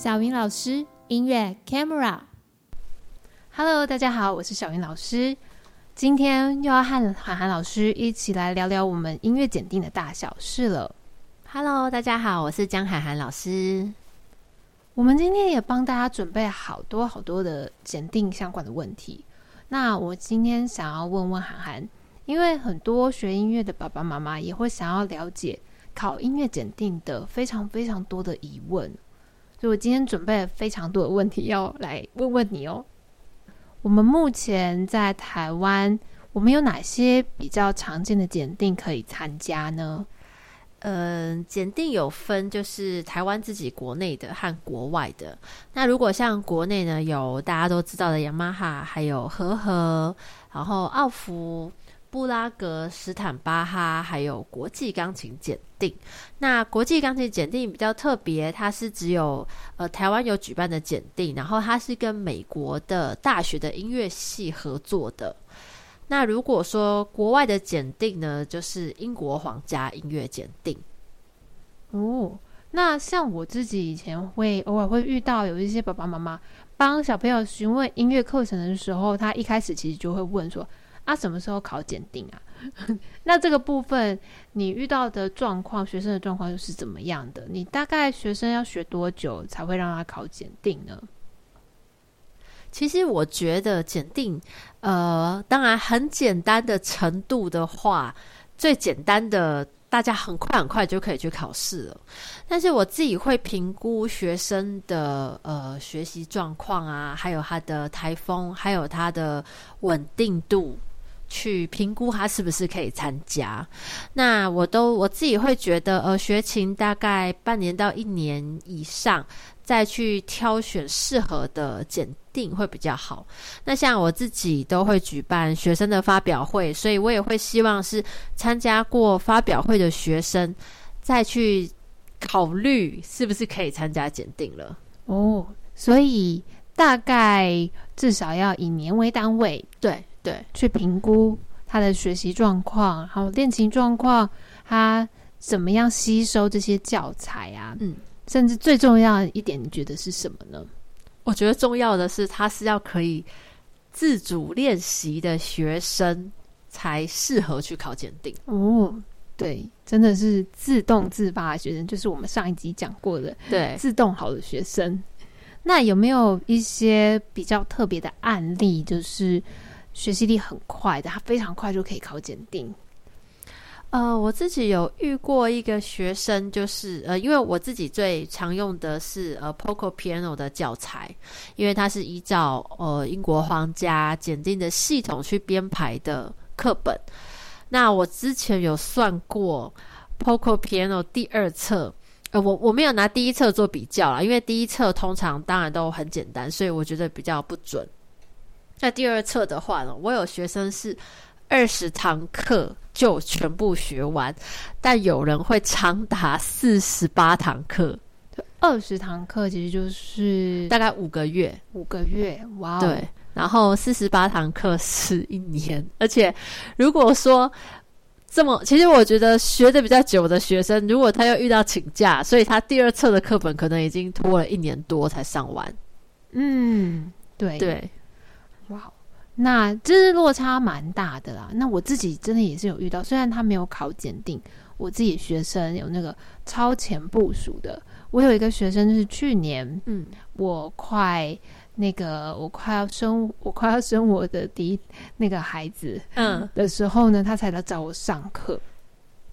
小芸老師，音樂 camera。Hello，大家好，我是小芸老師。今天又要和函函老師一起來聊聊我們音樂檢定的大小事了。Hello，大家好，我是江函函老師。我們今天也幫大家準備好多好多的檢定相關的問題。那我今天想要問問函函，因為很多學音樂的爸爸媽媽也會想要了解考音樂檢定的非常非常多的疑問。所以我今天準備了非常多的問題要來問問你哦。我們目前在台灣，我們有哪些比較常見的檢定可以參加呢？嗯，檢定有分就是台灣自己國內的和國外的。那如果像國內呢，有大家都知道的雅馬哈，還有和和，然後奧福，布拉格、斯坦巴哈，還有國際鋼琴檢定。那國際鋼琴檢定比較特別，它是只有呃台灣有舉辦的檢定，然後它是跟美國的大學的音樂系合作的。那如果說國外的檢定呢，就是英國皇家音樂檢定。哦，那像我自己以前會偶爾會遇到有一些爸爸媽媽幫小朋友詢問音樂課程的時候，他一開始其實就會問說，他、啊、什麼時候考檢定啊？ 那這個部分你遇到的狀況，學生的狀況又是怎麼樣的？你大概學生要學多久才會讓他考檢定呢？其實我覺得檢定，呃，當然很簡單的程度的話，最簡單的，大家很快很快就可以去考試了。但是我自己會評估學生的呃，學習狀況啊，還有他的台風，還有他的穩定度。去評估他是不是可以參加。那我都我自己會覺得，呃，學琴大概半年到一年以上，再去挑選適合的檢定會比較好。那像我自己都會舉辦學生的發表會，所以我也會希望是參加過發表會的學生再去考慮是不是可以參加檢定了。哦，所以大概至少要以年為單位，對。對，去評估他的學習狀況，還有練琴狀況，他怎麼樣吸收這些教材啊？嗯，甚至最重要一點，你覺得是什麼呢？我覺得重要的是，他是要可以自主練習的學生才適合去考鑑定哦、嗯。對，真的是自動自發的學生，就是我們上一集講過的，對，自動好的學生。那有沒有一些比較特別的案例？就是學習力很快的，他非常快就可以考檢定。呃，我自己有遇過一個學生，就是呃，因為我自己最常用的是呃 Poco Piano 的教材，因為它是依照呃英國皇家檢定的系統去編排的課本。那我之前有算過 Poco Piano 第二冊，呃，我我沒有拿第一冊做比較啦，因為第一冊通常當然都很簡單，所以我覺得比較不準。那第二冊的話呢，我有學生是二十堂課就全部學完，但有人會長達四十八堂課。二十堂課其實就是大概五個月，五個月，哇哦！對，然後四十八堂課是一年。而且如果說這麼，其實我覺得學的比較久的學生，如果他又遇到請假，所以他第二冊的課本可能已經拖了一年多才上完。嗯，對對。那真、就是落差蠻大的啦。那我自己真的也是有遇到，雖然他沒有考檢定，我自己學生有那個超前部署的。我有一個學生就是去年，嗯，我快那個我快要生我快要生我的第一那個孩子，嗯，的時候呢，嗯、他才來找我上課。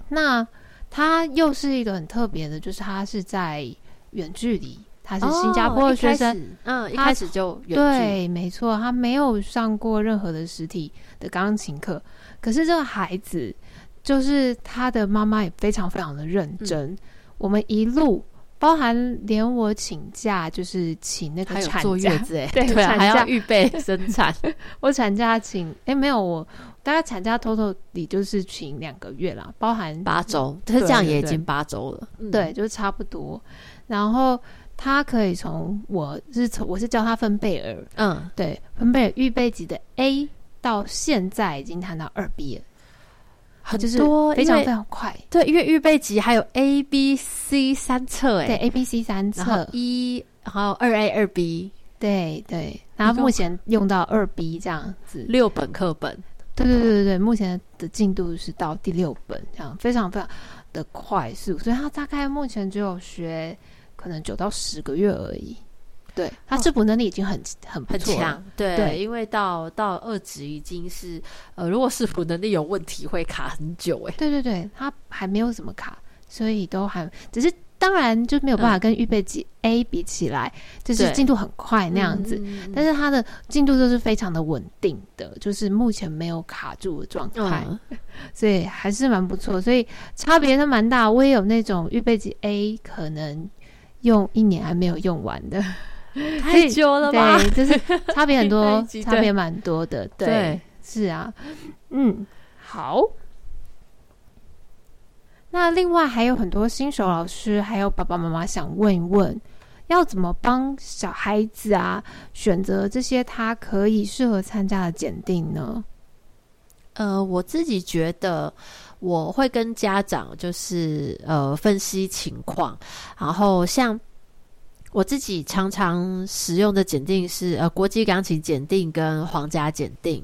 那他又是一個很特別的，就是他是在遠距離。他是新加坡的學生，哦、嗯，一開始就遠距，對，沒錯，他沒有上過任何的實體的鋼琴課。可是這個孩子，就是他的媽媽也非常非常的認真、嗯。我們一路，包含連我請假，就是請那個產假，還坐月子，對，對，對，還要預備生產。 我產假請哎、欸，沒有我，大概產假 total 就是請兩個月啦，包含八周，就是這樣也已經八周了，對對對，對，就差不多。然後。他可以從我,我是從我是教他芬貝爾，嗯，對，芬貝爾預備級的 A 到現在已經彈到二 B 了，好，就是多非常非常快。對，因為預備級還有 A、B、C 三冊，哎，對 A、B、C 三冊，一然後二 A 二 B，對對，然後目前用到二 B 這樣子，六本課本，對對對對對，目前的進度是到第六本這樣，非常非常的快速，所以他大概目前只有學。可能九到十個月而已，對，他視譜能力已經很、哦、很很強，對，因為到到二級已經是呃，如果視譜能力有問題會卡很久，哎，對對對，他還沒有怎麼卡，所以都還只是當然就沒有辦法跟預備級 A 比起來，嗯、就是進度很快那樣子，嗯、但是它的進度都是非常的穩定的，就是目前沒有卡住的狀態，嗯、 所以還是蠻不錯，所以差別都蠻大，我也有那種預備級 A 可能。用一年還沒有用完的， 太久了吧？就是差別很多， 差別蠻多的對。對，是啊，嗯，好。那另外還有很多新手老師，還有爸爸媽媽想問一問，要怎麼幫小孩子啊選擇這些他可以適合參加的檢定呢？呃，我自己覺得我會跟家長就是呃分析情況，然後像我自己常常使用的檢定是呃國際鋼琴檢定跟皇家檢定。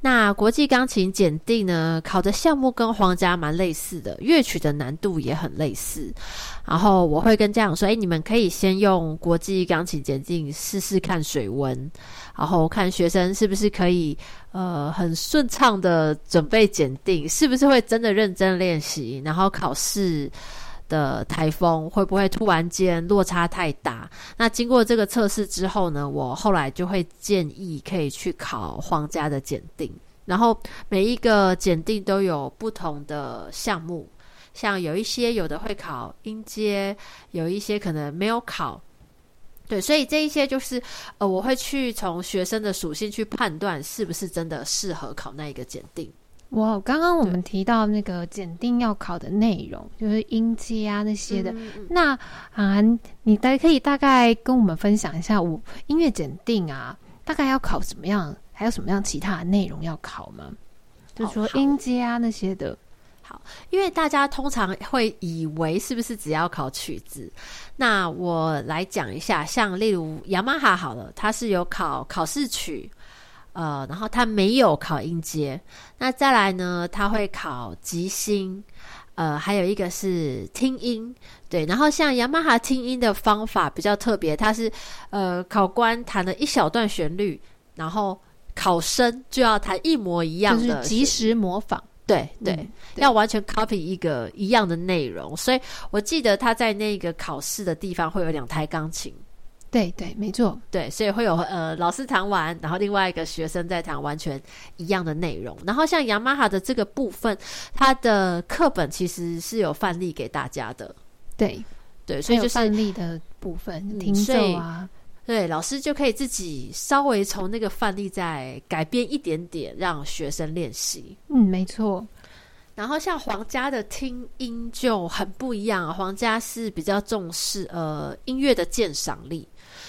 那國際鋼琴檢定呢，考的項目跟皇家蠻類似的，樂曲的難度也很類似。然後我會跟家長說，哎，你們可以先用國際鋼琴檢定試試看水溫，然後看學生是不是可以。呃，很順暢的準備檢定，是不是會真的認真練習？然後考試的台風會不會突然間落差太大？那經過這個測試之後呢，我後來就會建議可以去考皇家的檢定。然後每一個檢定都有不同的項目，像有一些有的會考音階，有一些可能沒有考。對，所以這一些就是，呃，我會去從學生的屬性去判斷是不是真的適合考那一個檢定。哇，剛剛我們提到那個檢定要考的內容，就是音階啊那些的。嗯、那啊，你大可以大概跟我們分享一下，我音樂檢定啊，大概要考什麼樣，還有什麼樣其他內容要考嗎？就是、說音階啊那些的。哦好，因為大家通常會以為是不是只要考曲子？那我來講一下，像例如雅馬哈好了，它是有考考試曲，呃，然後它沒有考音階。那再來呢，它會考即興，呃，還有一個是聽音。對，然後像雅馬哈聽音的方法比較特別，它是呃，考官彈了一小段旋律，然後考生就要彈一模一樣的，就是即時模仿。對對、嗯、對，要完全 copy 一個一樣的內容，所以我記得他在那個考試的地方會有兩台鋼琴。對對，沒錯，對，所以會有呃，老師彈完，然後另外一個學生再彈完全一樣的內容。然後像 Yamaha 的這個部分，它的課本其實是有範例給大家的。對對，對，所以就是範例的部分，聽奏啊。對，老師就可以自己稍微從那個範例再改變一點點，讓學生練習。嗯，沒錯。然後像皇家的聽音就很不一樣，皇家是比較重視，呃，音樂的鑑賞力，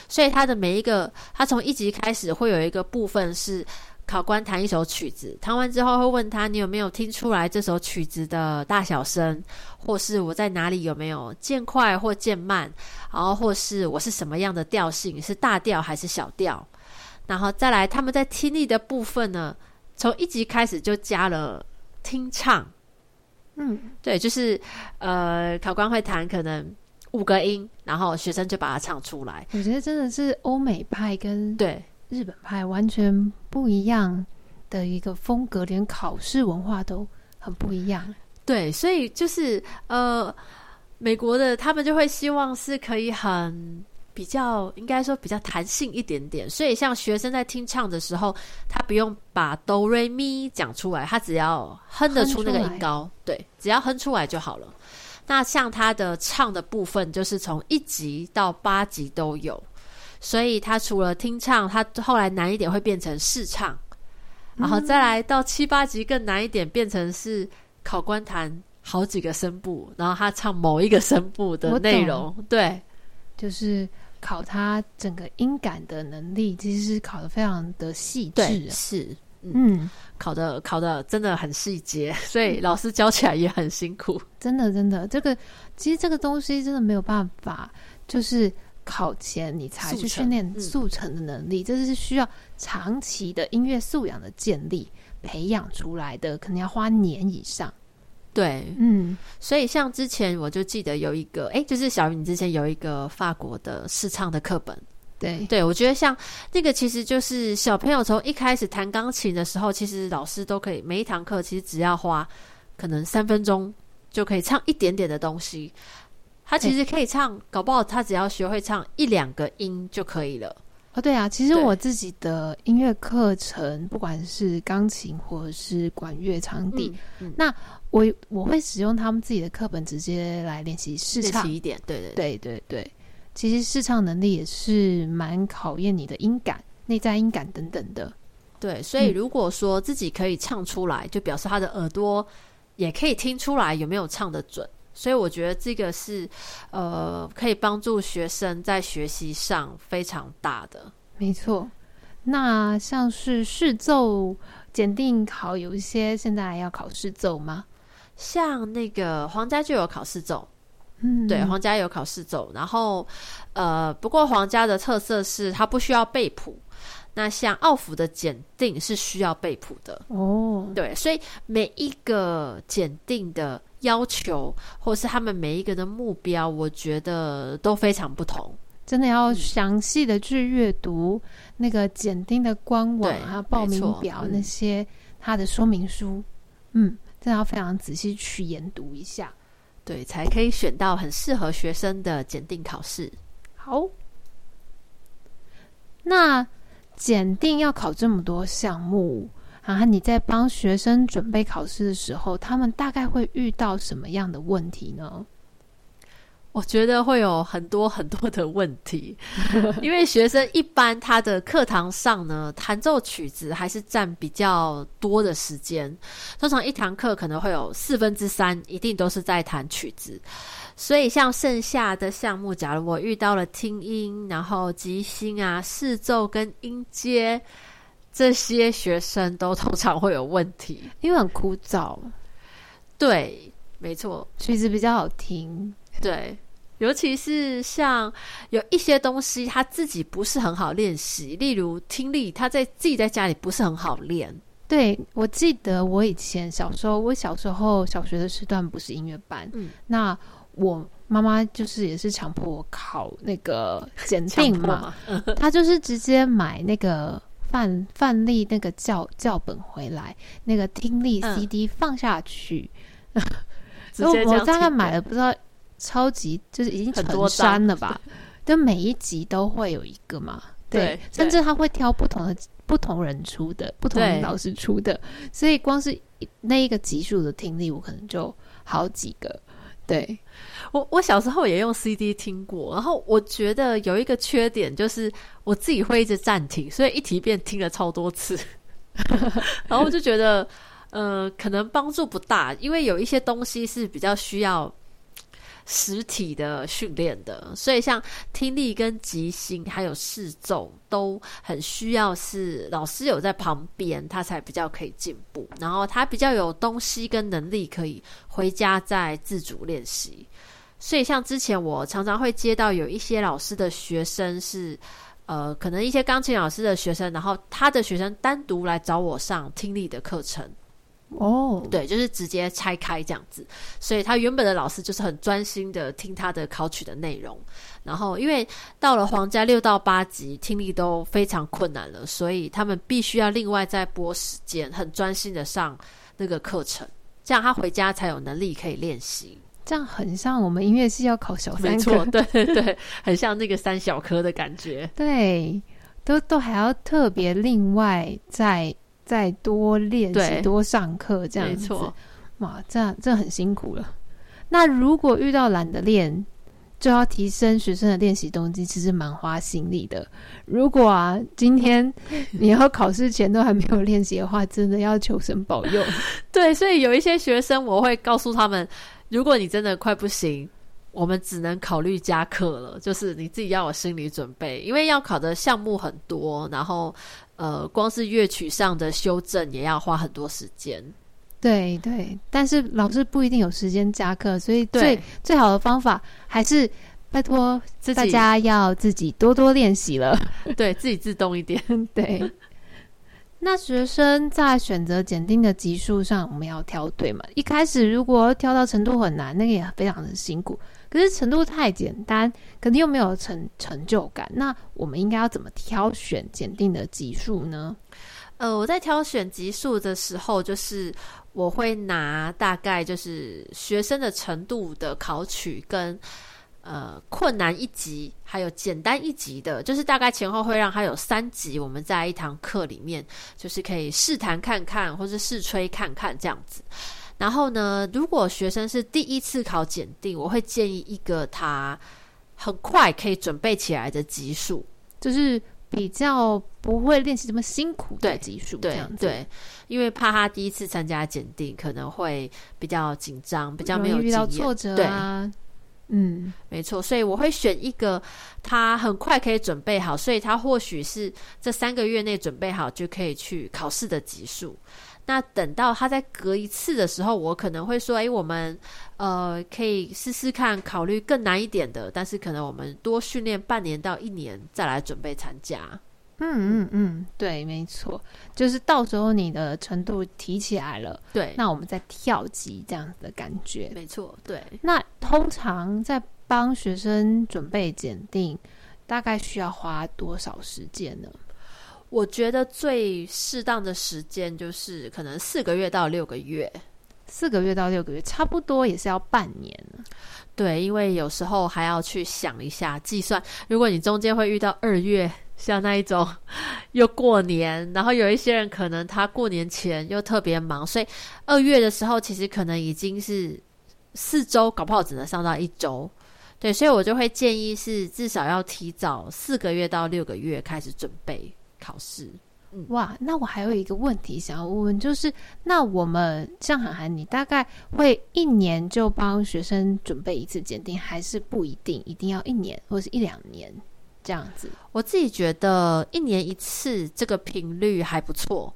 所以他的每一個，他從一級開始會有一個部分是。考官彈一首曲子，彈完之後會問他：“你有沒有聽出來這首曲子的大小聲，或是我在哪裡有沒有漸快或漸慢，然後或是我是什麼樣的調性，是大調還是小調？”然後再來，他們在聽力的部分呢，從一級開始就加了聽唱。嗯，對，就是呃，考官會彈可能五個音，然後學生就把它唱出來。我覺得真的是歐美派跟對。日本派完全不一樣的一個風格，連考試文化都很不一樣。對，所以就是呃，美國的他們就會希望是可以很比較，應該說比較彈性一點點。所以像學生在聽唱的時候，他不用把哆瑞咪講出來，他只要哼得出那個音高，對，只要哼出來就好了。那像他的唱的部分，就是從一級到八級都有。所以，他除了聽唱，他後來難一點會變成試唱，嗯、然後再來到七八級更難一點，變成是考官彈好幾個聲部，然後他唱某一個聲部的內容。對，就是考他整個音感的能力，其實是考的非常的細緻。是，嗯，嗯考的考的真的很細節，所以老師教起來也很辛苦。嗯、真的，真的，這個其實這個東西真的沒有辦法，就是。考前你才去訓練速成的能力。嗯，這是需要長期的音樂素養的建立培養出來的，可能要花年以上。對，嗯，所以像之前我就記得有一個，哎、欸，就是小芸，你之前有一個法國的試唱的課本。對，對，我覺得像那個，其實就是小朋友從一開始彈鋼琴的時候，其實老師都可以每一堂課，其實只要花可能三分鐘就可以唱一點點的東西。他其實可以唱、欸，搞不好他只要學會唱一兩個音就可以了。啊、哦，對啊，其實我自己的音樂課程，不管是鋼琴或者是管樂場地、嗯嗯，那我我會使用他們自己的課本直接來練習試唱一點。對對對,對,對,對，其實試唱能力也是蠻考驗你的音感、內在音感等等的。對，所以如果說自己可以唱出來，嗯、就表示他的耳朵也可以聽出來有沒有唱得準。所以我覺得這個是，呃，可以幫助學生在學習上非常大的。沒錯，那像是視奏檢定考有一些現在還要考視奏嗎？像那個皇家就有考視奏，嗯，對，皇家有考視奏。然後，呃，不過皇家的特色是它不需要背譜。那像奧福的檢定是需要背譜的哦，oh. 對，所以每一個檢定的要求或是他們每一個的目標，我覺得都非常不同。真的要詳細的去閱讀、嗯、那個檢定的官網還有報名表那些他的說明書，嗯，真的要非常仔細去研讀一下，對，才可以選到很適合學生的檢定考試。好，那。檢定要考這麼多項目，然後，啊，你在幫學生準備考試的時候，他們大概會遇到什麼樣的問題呢？我覺得會有很多很多的問題， 因為學生一般他的課堂上呢，彈奏曲子還是佔比較多的時間，通常一堂課可能會有四分之三，一定都是在彈曲子。所以，像剩下的項目，假如我遇到了聽音，然後即興啊、視奏跟音階，這些學生都通常會有問題，因為很枯燥。對，沒錯，曲子比較好聽。對，尤其是像有一些東西，他自己不是很好練習，例如聽力，他在自己在家裡不是很好練。對，我記得，我以前小時候，我小時候小學的時段不是音樂班，嗯，那。我媽媽就是也是強迫我考那個檢定嘛，她就是直接買那個范範 例那個教教本回來，那個聽力 CD 放下去。然後、嗯、 我大概買了不知道超級就是已經成山了吧對，就每一集都會有一個嘛，對，對對甚至他會挑不同的不同人出的，不同人老師出的，所以光是那一個級數的聽力，我可能就好幾個。對，我我小時候也用 CD 聽過，然後我覺得有一個缺點就是我自己會一直暫停，所以一題便聽了超多次， 然後我就覺得，呃，可能幫助不大，因為有一些東西是比較需要。實體的訓練的，所以像聽力跟即興還有視奏都很需要是老師有在旁邊，他才比較可以進步，然後他比較有東西跟能力可以回家再自主練習。所以像之前我常常會接到有一些老師的學生是，呃，可能一些鋼琴老師的學生，然後他的學生單獨來找我上聽力的課程。哦、oh.，對，就是直接拆開這樣子，所以他原本的老師就是很專心的聽他的考取的內容，然後因為到了皇家六到八級聽力都非常困難了，所以他們必須要另外再撥時間，很專心的上那個課程，這樣他回家才有能力可以練習。這樣很像我們音樂系要考小三，沒錯，對對，對很像那個三小科的感覺， 對，都都還要特別另外再。再多練習、多上課，這樣子沒錯，哇，這樣這很辛苦了。那如果遇到懶得練，就要提升學生的練習動機，其實蠻花心力的。如果啊，今天你要考試前都還沒有練習的話， 真的要求神保佑。 對，所以有一些學生，我會告訴他們，如果你真的快不行，我們只能考慮加課了。就是你自己要有心理準備，因為要考的項目很多，然後。呃，光是樂曲上的修正也要花很多時間，對對。但是老師不一定有時間加課，所以最對最好的方法還是拜託大家要自己多多練習了，對自己自動一點。 對，那學生在選擇檢定的級數上，我們要挑對嘛？一開始如果挑到程度很難，那個也非常的辛苦。可是程度太簡單，肯定又沒有成成就感。那我們應該要怎麼挑選檢定的級數呢？呃，我在挑選級數的時候，就是我會拿大概就是學生的程度的考取跟呃困難一級，還有簡單一級的，就是大概前後會讓他有三級，我們在一堂課裡面就是可以試彈看看，或是試吹看看這樣子。然後呢，如果學生是第一次考檢定，我會建議一個他很快可以準備起來的級數，就是比較不會練習這麼辛苦的級數，這樣子對對。對，因為怕他第一次參加檢定可能會比較緊張，比較沒有經驗，容易遇到挫折啊對。嗯，沒錯。所以我會選一個他很快可以準備好，所以他或許是這三個月內準備好就可以去考試的級數。那等到他再隔一次的時候，我可能會說：「誒，我們呃可以試試看，考慮更難一點的，但是可能我們多訓練半年到一年再來準備參加。」嗯嗯嗯嗯，對，沒錯，就是到時候你的程度提起來了，對，那我們再跳級這樣子的感覺，沒錯，對。那通常在幫學生準備檢定，大概需要花多少時間呢？我覺得最適當的時間就是可能四個月到六個月，四個月到六個月差不多也是要半年。對，因為有時候還要去想一下計算。如果你中間會遇到二月，像那一種又過年，然後有一些人可能他過年前又特別忙，所以二月的時候其實可能已經是四週，搞不好只能上到一週。對，所以我就會建議是至少要提早四個月到六個月開始準備。考試、嗯，哇！那我還有一個問題想要問問，就是那我們像函函，你大概會一年就幫學生準備一次檢定，還是不一定一定要一年或是一兩年這樣子？我自己覺得一年一次這個頻率還不錯。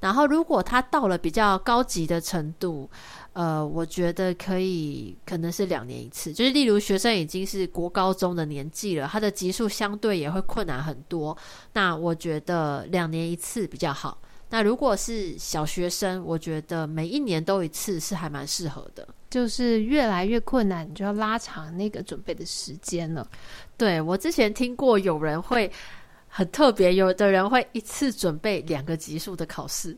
然後，如果他到了比較高級的程度，呃，我覺得可以，可能是兩年一次。就是例如學生已經是國高中的年紀了，他的級數相對也會困難很多。那我覺得兩年一次比較好。那如果是小學生，我覺得每一年都一次是還蠻適合的。就是越來越困難，你就要拉長那個準備的時間了。對，我之前聽過有人會。很特別，有的人會一次準備兩個級數的考試，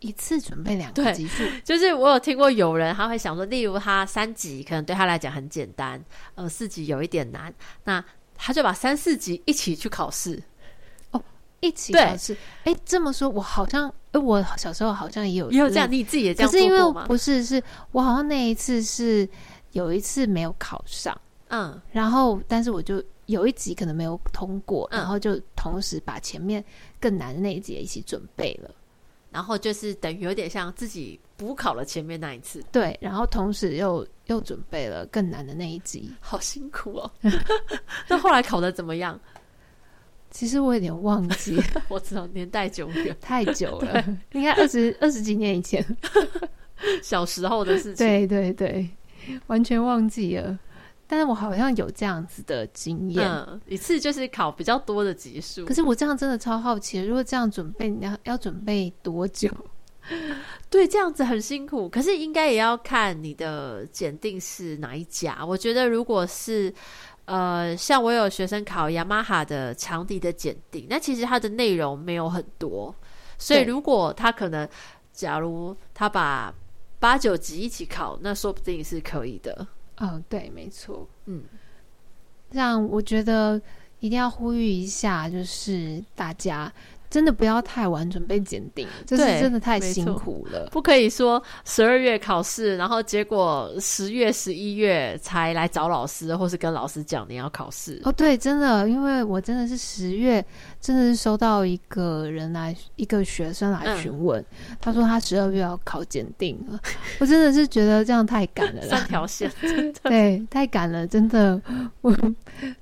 一次準備兩個級數。就是我有聽過有人，他會想說，例如他三級可能對他來講很簡單，呃，四級有一點難，那他就把三四級一起去考試。哦，一起考試。哎、欸，這麼說，我好像，哎、呃，我小時候好像也有也有這樣、呃，你自己也這樣做過嗎？可是因為不是，是我好像那一次是有一次沒有考上，嗯，然後但是我就。有一集可能沒有通過，嗯，然後就同時把前面更難的那一集也一起準備了，然後就是等於有點像自己補考了前面那一次，對，然後同時又又準備了更難的那一集，好辛苦哦。那 後來考得怎麼樣？其實我有點忘記， 我知道年代久遠，太久了， 對 應該二十二十幾年以前 小時候的事情，對對對，完全忘記了。但是我好像有這樣子的經驗、嗯，一次就是考比較多的級數。可是我這樣真的超好奇，如果這樣準備，你要要準備多久？ 對，這樣子很辛苦。可是應該也要看你的檢定是哪一家。我覺得如果是呃，像我有學生考雅馬哈的長笛的檢定，那其實它的內容沒有很多，所以如果他可能，假如他把八九級一起考，那說不定是可以的。哦，對，沒錯，嗯，這樣我覺得一定要呼籲一下，就是大家。真的不要太晚準備檢定、嗯，這是真的太辛苦了。不可以說十二月考試，然後結果十月、十一月才來找老師，或是跟老師講你要考試。哦，對，真的，因為我真的是十月，真的是收到一個人來，一個學生來詢問、嗯，他說他十二月要考檢定了， 我真的是覺得這樣太趕了，三 條線真的，對， 太趕了，真的，我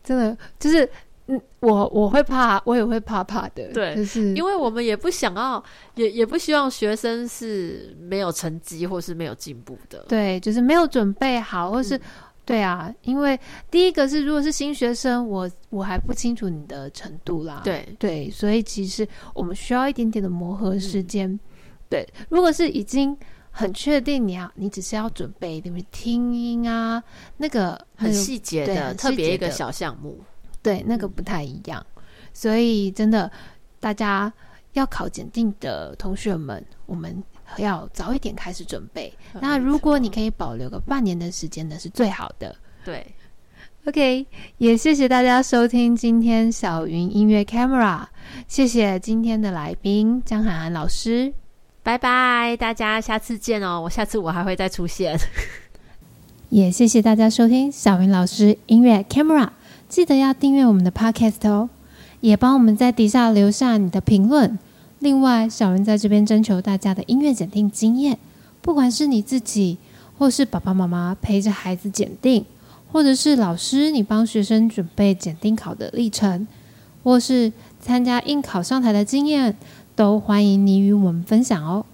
真的就是。嗯，我我會怕，我也會怕怕的。對，是因為我們也不想要，也也不希望學生是沒有成績或是沒有進步的。對，就是沒有準備好或是、嗯、對啊，因為第一個是如果是新學生，我我還不清楚你的程度啦。對對，所以其實我們需要一點點的磨合時間、嗯。對，如果是已經很確定你啊，你只是要準備，一點聽音啊，那個很細節的，的，特別一個小項目。對，那個不太一樣，所以真的，大家要考檢定的同學們，我們要早一點開始準備。那如果你可以保留個半年的時間呢，是最好的。 對，OK，也謝謝大家收聽今天小芸音樂 Camera，謝謝今天的來賓江函函老師，拜拜，大家下次見哦，我下次我還會再出現。 也謝謝大家收聽小芸老師音樂 Camera。記得要訂閱我們的 Podcast 哦，也幫我們在底下留下你的評論。另外，小芸在這邊徵求大家的音樂檢定經驗，不管是你自己，或是爸爸媽媽陪着孩子檢定，或者是老師你幫學生準備檢定考的歷程，或是參加應考上台的經驗，都歡迎你與我們分享哦。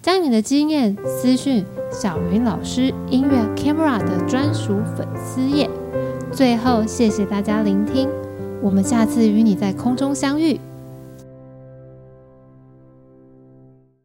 將你的經驗私訊小芸老師音樂 Camera 的專屬粉絲頁。最後，謝謝大家聆聽。我們下次與你在空中相遇。